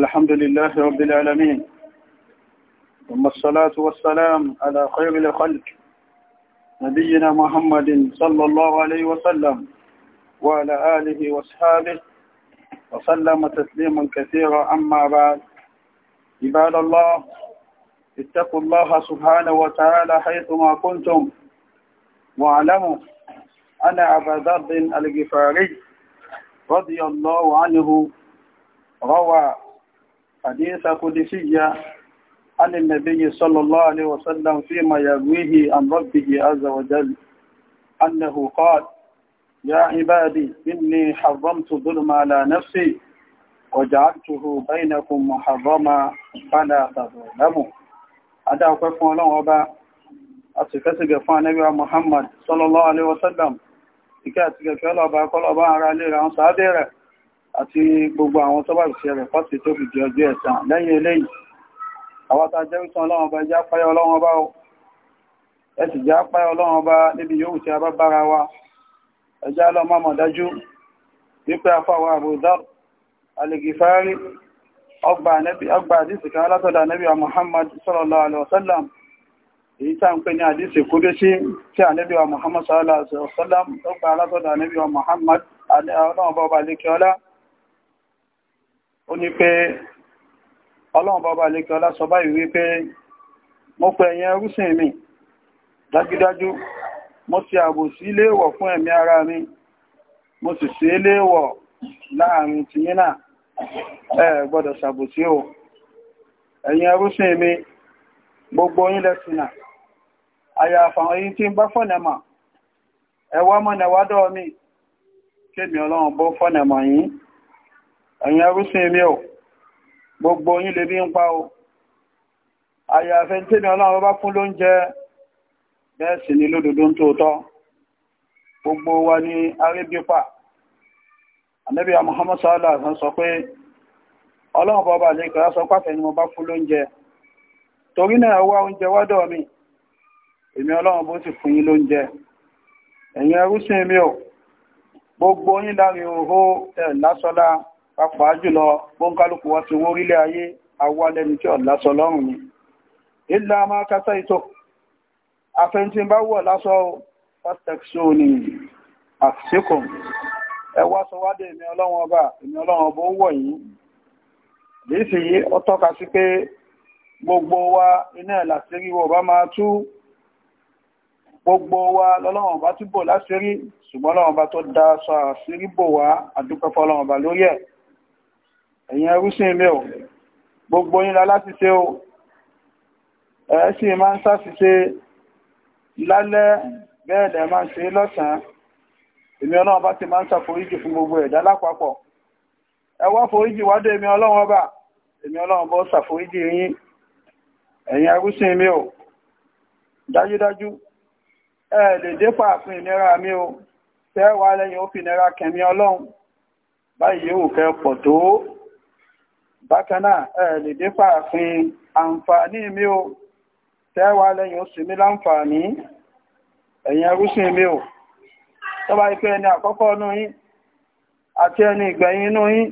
الحمد لله رب العالمين ثم الصلاة والسلام على خير الخلق نبينا محمد صلى الله عليه وسلم وعلى آله وأصحابه وسلم تسليما كثيرا أما بعد عباد الله اتقوا الله سبحانه وتعالى حيثما كنتم واعلموا أن أبا ذر الغفاري رضي الله عنه روى حديث قدسية عن النبي صلى الله عليه وسلم فيما يرويه عن ربه عز وجل أنه قال يا عبادي إني حرمت ظلم على نفسي وجعلته بينكم محرما فلا تظلموا هذا أقف الله أبا أتكسب فان نبي محمد صلى الله عليه وسلم إكاتك فلا بقول أبا على لي عن صادره àti gbogbo àwọn tó bá ìṣẹ́ rẹ̀ pọ́sì tó fi di ọjọ́ ẹ̀san lẹ́yìn eléyìí àwọn tá jẹ́ ìtàn ọlọ́run ọba ẹjá páyọ ọlọ́run ọba o ẹ sì já páyọ ọlọ́run ọba níbi yòówù tí a bá bára wa ẹjá lọ mọ́mọ́ dájú wípé afáwọ àbúdá alìgìfárí ọgbà àdìsì kan látọ̀dọ̀ ànábì Muhammad sallallahu alaihi wasallam èyí tá ń pè ní àdísì kúrú sí tí ànábì wa Muhammad sallallahu alaihi wasallam tó gbà látọ̀dọ̀ ànábì Muhammad ọlọ́run ọba ọba ó ní pé ọlọ́run bọ́bá lè kí ọlá sọ báyìí wípé mo pẹ̀ ẹ̀yẹn rúsìn mi dájúdájú mo sì ààbò sí léèwọ̀ fún ẹ̀mí ara mi mo sì sí léèwọ̀ láàrin tìyínà ẹ gbọ́dọ̀ ṣàbòsí o ẹ̀yin ẹrúsìn mi gbogbo yín lẹ́sìnà àyàfà èyí tí ń bá fọ́nẹ̀mà ẹwà mọ́nẹ̀wádọ́ mi kémi ọlọ́run bó fọ́nẹ̀mà yìí ẹ̀yin arúsìn èmi ò gbogbo yín lè bí ń pa o àyàfẹ́ tèmi ọlọ́run bá fún lóúnjẹ bẹ́ẹ̀ sì ni lódodo ń tóótọ́ gbogbo wa ni arébípa ànábì Muhammad sallallahu alaihi wasallam sọ pé ọlọ́run bọ́ba lè kẹ́rà gbogbo yín láàrin òhó ẹ̀ lásọ́lá pàápàá jùlọ bóńkálùkù wọn ti wó orílẹ̀ ayé awá lẹ́ni tí ọ̀la sọ lọ́rùn ni ilẹ̀ a máa kásá ìtò afẹ́ntí bá wọ̀ lásọ pọ́tẹ́ksó ni àṣíkò ẹ wá sọ gbogbo wa iná ẹ̀ làṣírí wọ̀ bá máa tú gbogbo wa lọ́lọ́run ọba túbọ̀ láṣírí ṣùgbọ́n ọlọ́run ọba tó dá sọ àṣírí bò wá àdúpẹ́ fọlọ́run ọba lórí ẹ̀ ẹ̀yin ẹrúsìn ilé o gbogbo yínlá láti ṣe o ẹ̀ sì máa ń sáṣìṣe lálẹ́ bẹ́ẹ̀ lẹ̀ máa ń ṣe lọ́sàn-án èmi ọlọ́run bá ti máa ń ṣàforíjì fún gbogbo ẹ̀dá lápapọ̀ ẹ wá foríjì wádé èmi ọlọ́run ọba èmi ọlọ́run bọ́ ṣàforíjì yín ẹ̀yin ẹrúsìn mi o dájúdájú ẹ lè dé pàápín ìnira mi o tẹ́ wà lẹ́yìn ó fi ìnira kẹ̀mí ọlọ́run báyìí yóò kẹ́ pọ̀ tó bákan náà ẹ lè dé fàáfin àǹfààní mi o tẹ́wàá lẹ́yìn oṣù mi láǹfààní ẹ̀yìn ẹrúsìn mi o tọ́bá ipé ẹni àkọ́kọ́ inú yín àti ẹni ìgbẹ̀yìn inú yín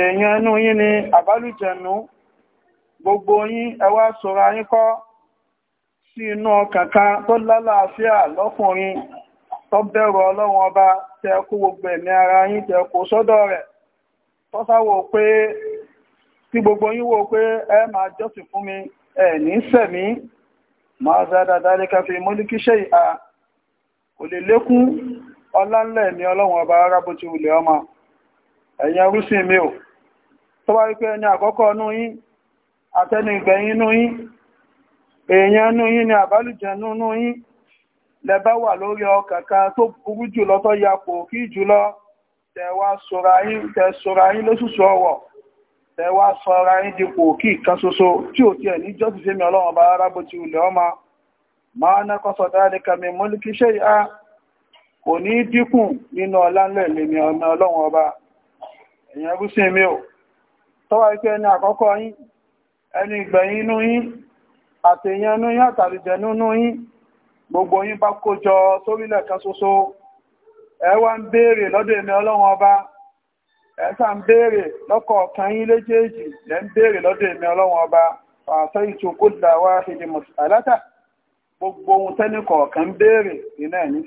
èèyàn inú yín ni àbálùjẹ̀nú gbogbo yín ẹ wá sọ̀rọ̀ yín kọ́ sí inú kankan tó lálàáfíà lọ́kùnrin tó bẹ̀rù ọlọ́run ọba tẹ́ẹ̀kú gbogbo ẹ̀mí ara yín tẹ́ẹ̀kú sọ́dọ̀ rẹ̀ kọ́sáwò pé tí gbogbo yín wò pé ẹ máa jọ́sìn fún mi ẹ ní sẹ̀mí máa zádá dáríká fi mọ́líkíṣẹ́ ìhà kò lè lékún ọlánlẹ̀ ní ọlọ́run ọba rárá bó ọmọ ẹ̀yin arúsìn mi ò tó bá wípé ẹni àkọ́kọ́ inú yín àtẹni ìgbẹ̀yìn inú yín èèyàn inú yín ni àbálùjẹ̀nú inú yín lẹ́bá wà lórí ọkà kan tó burú jùlọ tó yapò kí tẹwàá sọ́ra yín tẹ̀ sọ́ra yín lóṣùṣù ọwọ̀ tẹ̀wá sọ́ra yín dipò kí ìkan soso tí ò tiẹ̀ ní jọ́sì mi ọlọ́run ọba rárá ti wulẹ̀ ọmọ máa ná kọ́sọ̀ dáadé ṣe ìhá kò ní dínkù nínú ọlá ńlẹ̀ ọlọ́run ọba èèyàn mi ò ikú ẹni àkọ́kọ́ yín ẹni ìgbẹ̀yìn inú yín àtẹ̀yìn yín àtàlùjẹ̀nú inú yín gbogbo yín bá ẹwà ń béèrè lọ́dọ̀ èmi ọlọ́run ọba ẹ̀sà ń béèrè lọ́kọ̀ ọ̀kan yín léjèèjì ń béèrè lọ́dọ̀ èmi ọlọ́run ọba àṣọ ìtòkó dàwà gbogbo ohun tẹ́nì kọ̀ọ̀kan ń béèrè iná yìí ní ń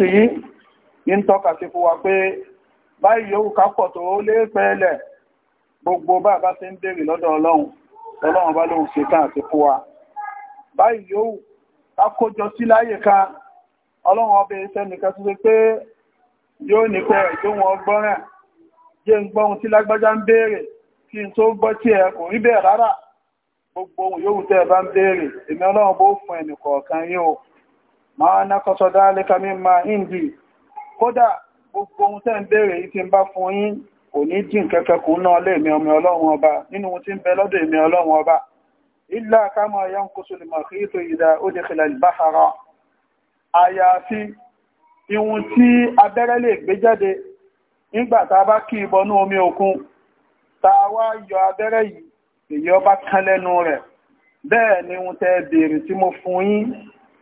sí fún wa pé báyìí yòówù gbogbo ti ń béèrè lọ́dọ̀ ọlọ́run ọlọ́run ọba ṣe tán àti fún wa báyìí kan ọlọ́run ọbẹ̀ iṣẹ́ nìkan tó ṣe pé yóò nípẹ́ rẹ̀ tó wọn gbọ́ràn jẹ́ ń gbọ́ ohun tí lágbájá ń béèrè kí n tó gbọ́ tí ẹ kò rí bẹ́ẹ̀ rárá gbogbo ohun yóò tẹ́ ẹ bá ń béèrè èmi ọlọ́run bó fún ẹnì kọ̀ọ̀kan yín o máa ná kọ́sọ dáálé kamí ma ń dì kódà gbogbo ohun tẹ́ ń béèrè yìí ti ń bá fún yín kò ní dín kẹ́kẹ́ náà lé èmi ọmọ ọlọ́run ọba nínú ohun tí ń bẹ lọ́dọ̀ èmi ọlọ́run ọba ilá kámọ̀ ya ń kó kí ètò ìdá ó dé fìlà ìbáhara àyàfi ìwọ̀n tí abẹ́rẹ́ lè gbé jáde nígbàtà bá kí ìbọnú omi òkun tàwà yọ abẹ́rẹ́ yìí èyí ọba kán lẹ́nu rẹ̀ bẹ́ẹ̀ ni wọ́n tẹ́ bèèrè tí mo fún yín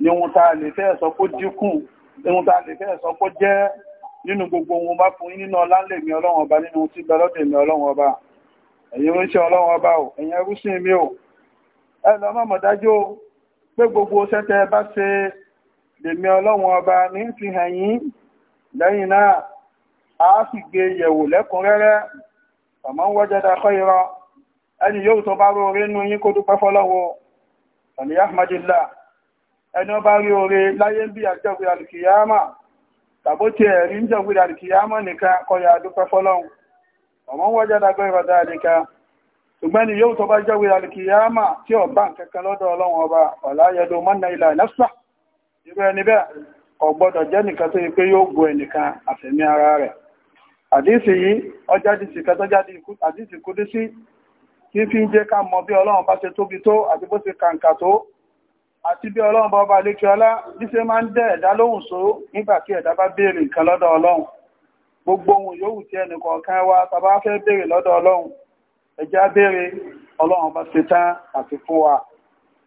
ni wọ́n ta lè fẹ́ sọ kó dínkù ni wọ́n ta lè fẹ́ sọ kó jẹ́ nínú gbogbo wọn bá fún yín nínú ọlá ńlẹ̀ mi ọlọ́run ọba nínú tí gbẹ lọ́dẹ̀ mi ọlọ́run ọba ẹ̀yin oríṣẹ́ ọlọ́run ọba ò ẹ̀yin ẹrúsìn mi ò ẹ lọ mọ̀mọ̀ pé gbogbo ṣẹ́tẹ́ bá ṣe lèmi ọlọ́run ọba ní fi hàn yín lẹ́yìn náà a sì gbé yẹ̀wò lẹ́kùnrẹ́rẹ́ ọ̀mọ́ wọ́jọ́dá kọ́ ìrọ ẹni yóò tó bá rí oore nú yín kó dúpẹ́ fọ́lọ́wọ́ ọ̀lẹ́ ahmadilá ẹni ó bá rí oore láyé ń bí àjọgbé alìkìyàmà tàbó ti ẹ̀rí ń tí ọ̀bá nǹkan lọ́dọ̀ ọlọ́run ọba ọ̀lá yẹdo mọ́nà ilà nafsa irú ẹni bẹ́ẹ̀ kò gbọ́dọ̀ jẹ́ nìkan tó yẹ pé yóò gun ẹnìkan àfẹ̀mí ara rẹ̀ àdísì yìí ọjáde sì kan tó jáde àdísì kú dí sí kí fi ń jẹ́ ká mọ bí ọlọ́run bá ṣe tóbi tó àti bó ṣe kàǹkà tó àti bí ọlọ́run bá ọba lékè ọlá bí ṣe máa ń dẹ́ ẹ̀dá lóhùn só nígbà tí ẹ̀dá bá béèrè nǹkan lọ́dọ̀ ọlọ́run gbogbo ohun yòówù tí ẹnì kọ̀ọ̀kan wa tàbá fẹ́ béèrè lọ́dọ̀ ọlọ́run ẹjẹ́ á béèrè ọlọ́run bá ṣe tán àti fún wa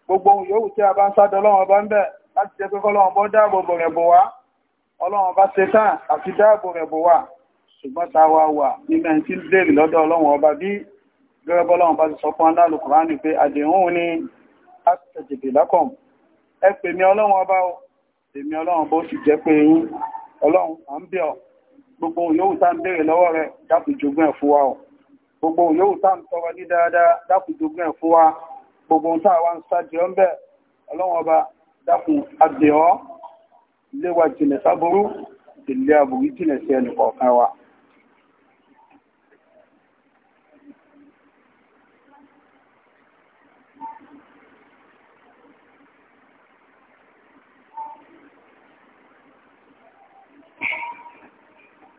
gbogbo ohun yòówù tí a bá ń sádọ ọlọ́run bá ń bẹ̀ láti jẹ́ pé kọ́lọ́wọ́n bọ́ dáàbò bò rẹ̀ bò wá ọlọ́wọ́n bá ṣe tán àti dáàbò rẹ̀ bò wá ṣùgbọ́n ta wá wà nínú ẹni tí lọ́dọ̀ ọlọ́wọ́n ọba bí gẹ́gẹ́ bá ti sọ fún ni àtẹ̀jẹ̀dẹ̀ lákọ̀m ẹ pè mí ọlọ́wọ́n ọba o èmi ọlọ́wọ́n bó sì jẹ́ pé yín ọlọ́run à ń bẹ̀ ọ́ gbogbo yòówù tá ń bèèrè lọ́wọ́ rẹ̀ dákun jogún ẹ̀ fún wa o gbogbo yòówù tá ń tọrọ ní dáadáa dákun dákun agbèrọ léwà jìnà sáburú ilé àbúrú jìnà sí ẹnì kọ̀ọ̀kan wa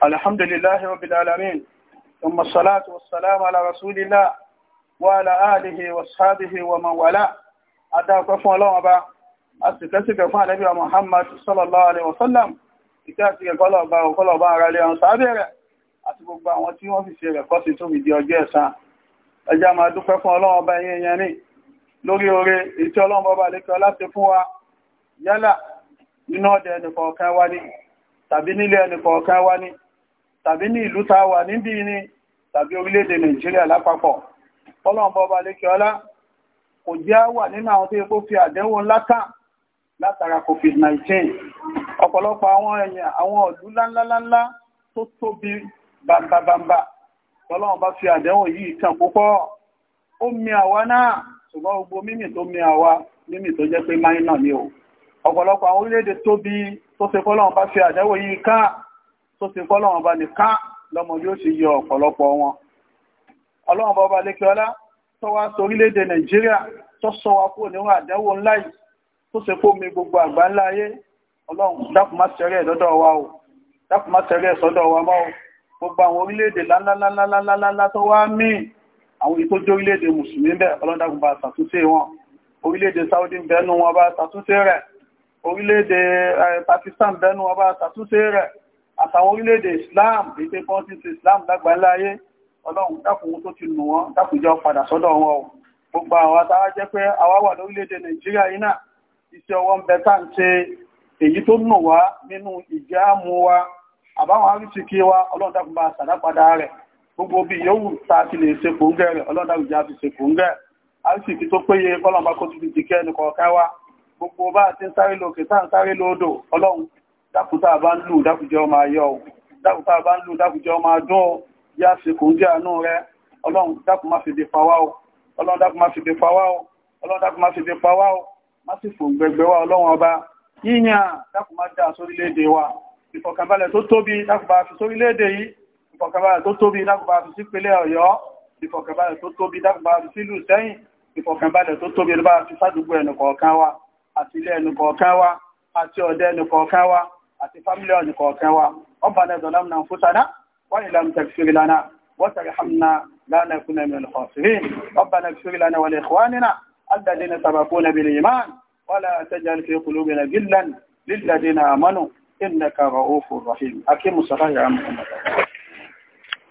الحمد لله رب العالمين ثم الصلاة والسلام على رسول الله وعلى آله وصحابه ومن والاه أدعوك فون الله àsìkẹ́sìkẹ́ fún ànábì Muhammad sallallahu alaihi wasallam ìkẹ́ àti ẹ̀kọ́lọ̀bá ọ̀kọ́lọ̀bá ara lé àwọn sábẹ̀rẹ̀ àti gbogbo àwọn tí wọ́n fi ṣe rẹ̀ kọ́sí tó fi di ọjọ́ ẹ̀san ẹjá máa dúpẹ́ fún ọlọ́run ọba yẹn yẹn ní lórí oore ètí ọlọ́run ọba lẹ́kẹ́ láti fún wa yálà nínú ọdẹ ẹnìkọ̀ọ̀kan wá ní tàbí nílé ẹnìkọ̀ọ̀kan wá ní tàbí ní látara covid-19 ọ̀pọ̀lọpọ̀ àwọn èèyàn àwọn ọ̀lú ńláńláńlá tó tóbi bàbàbàbà tọ́lọ́wọ́n bá fi àdéhùn yìí kàn púpọ̀ ó mi àwa náà ṣùgbọ́n gbogbo mímì tó mi àwa mímì tó jẹ́ pé máìnà ni o ọ̀pọ̀lọpọ̀ àwọn orílẹ̀-èdè tóbi tó ṣe fọ́lọ́wọ́n bá fi àdéhùn yìí kàn tó ṣe fọ́lọ́wọ́n bá nìkan lọ́mọ yóò ṣe yọ ọ̀pọ̀lọpọ̀ wọn ọlọ́wọ́n bá ọba lékè ọlá tó sọ orílẹ̀-èdè nàìjíríà tó sọ wá kúrò níwọ̀n àdéhùn ńlá tó ṣe kó mi gbogbo àgbà ńlá ayé ọlọ́run dákùnmá sẹ́rẹ̀ lọ́dọ̀ wa o dákùnmá sẹ́rẹ̀ sọ́dọ̀ wa mọ́ o gbogbo àwọn orílẹ̀-èdè lálálálálálá tó wá mí àwọn ìtójú orílẹ̀-èdè mùsùlùmí bẹ̀ ọlọ́dàkùn bá ṣàtúnṣe wọn orílẹ̀-èdè Saudi bẹnu wọn bá ṣàtúnṣe rẹ̀ orílẹ̀-èdè eh, Pakistan bẹnu wọn bá ṣàtúnṣe rẹ̀ àtàwọn orílẹ̀-èdè Islam ètè kan ti ṣe Islam lágbàláyé ọlọ́run dákùn tó ti nù wọn dákùnjọ padà sọ́dọ̀ wọn o gbogbo àwọn táwa jẹ́ pé àwa wà lórílẹ̀-èdè Nàìjíríà yìí náà iṣẹ́ ọwọ́ ń bẹ tá ń ṣe èyí tó nù wá nínú ìjáàmù wa àbáwọn arísìkí wa ọlọ́run dákun bá sàdápadà rẹ̀ gbogbo bí yòówù tá a ti lè ṣe kòńgẹ́ rẹ̀ ọlọ́run dákun já fi ṣe kòńgẹ́ arísìkí tó péye kọ́lọ́n bá kó ọlọ́run dákútà má fi dè pa wá o ọlọ́run dákun má fi dè pa wá o ọlọ́run dákun má fi dè pa wá o lásìkò gbẹgbẹ wa ọlọ́run ọba yíyàn dákun má dá sórílẹ̀-èdè wa ìfọ̀kànbalẹ̀ tó tóbi dákun bá fi sórílẹ̀-èdè yìí ìfọ̀kànbalẹ̀ tó tóbi dákun bá fi sípínlẹ̀ ọ̀yọ́ ìfọ̀kànbalẹ̀ tó tóbi dákun bá fi sílùú sẹ́yìn ìfọ̀kànbalẹ̀ tó tóbi bá fi sádùgbò ẹnùkọ̀ọ̀kan wa àti ilé ẹnùkọ̀ọ̀kan wa àti ọ̀dẹ́ ẹnùkọ̀ọ̀kan wa àti fámílì ẹnùkọ̀ọ̀kan wa ọ̀bànà ìdọ̀lámùnà fúsàdá wọ́n الذين سبقونا بالإيمان ولا تجعل في قلوبنا غلا للذين آمنوا إنك رؤوف رحيم أكيم الصلاة يا محمد